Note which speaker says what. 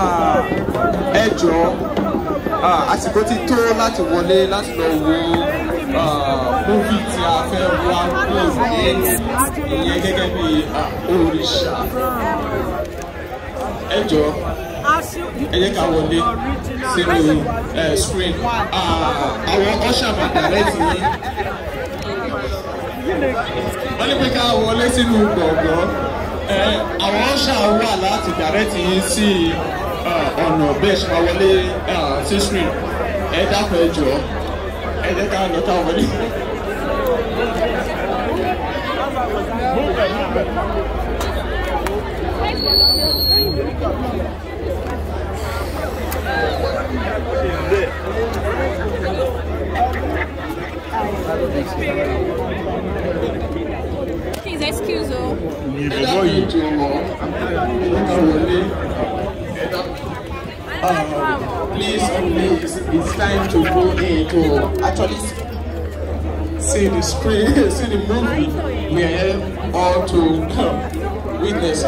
Speaker 1: Ah, ẹ jọ̀ọ́ ah, àsìkò ti tó láti wọlé láti lọ wo ah, múfì tí a fẹ́ wá lóòrùn ní
Speaker 2: ìyẹn gẹ́gẹ́ bí òrìṣà ẹ jọ̀ọ́ ẹ jẹ́ ká wọlé sínú eh, screen àwọn ọ̀ṣà màdàlẹ́ ti
Speaker 1: yín wọ́n ní pé ká wọlé
Speaker 2: sínú gbọ̀ngàn àwọn àṣà wà láti dàrẹ́tì yín sí ọ̀nà bẹ́ẹ̀ ṣe máa wọlé sí screen ẹ dákun ẹ jọ ẹ jẹ́ ká lọ́tà wọlé. Thank you excuse o. ìbọ̀bọ̀ yìí.
Speaker 1: Um, please, please, it's time to go in to
Speaker 2: actually see the screen, see the movie. We are all to witness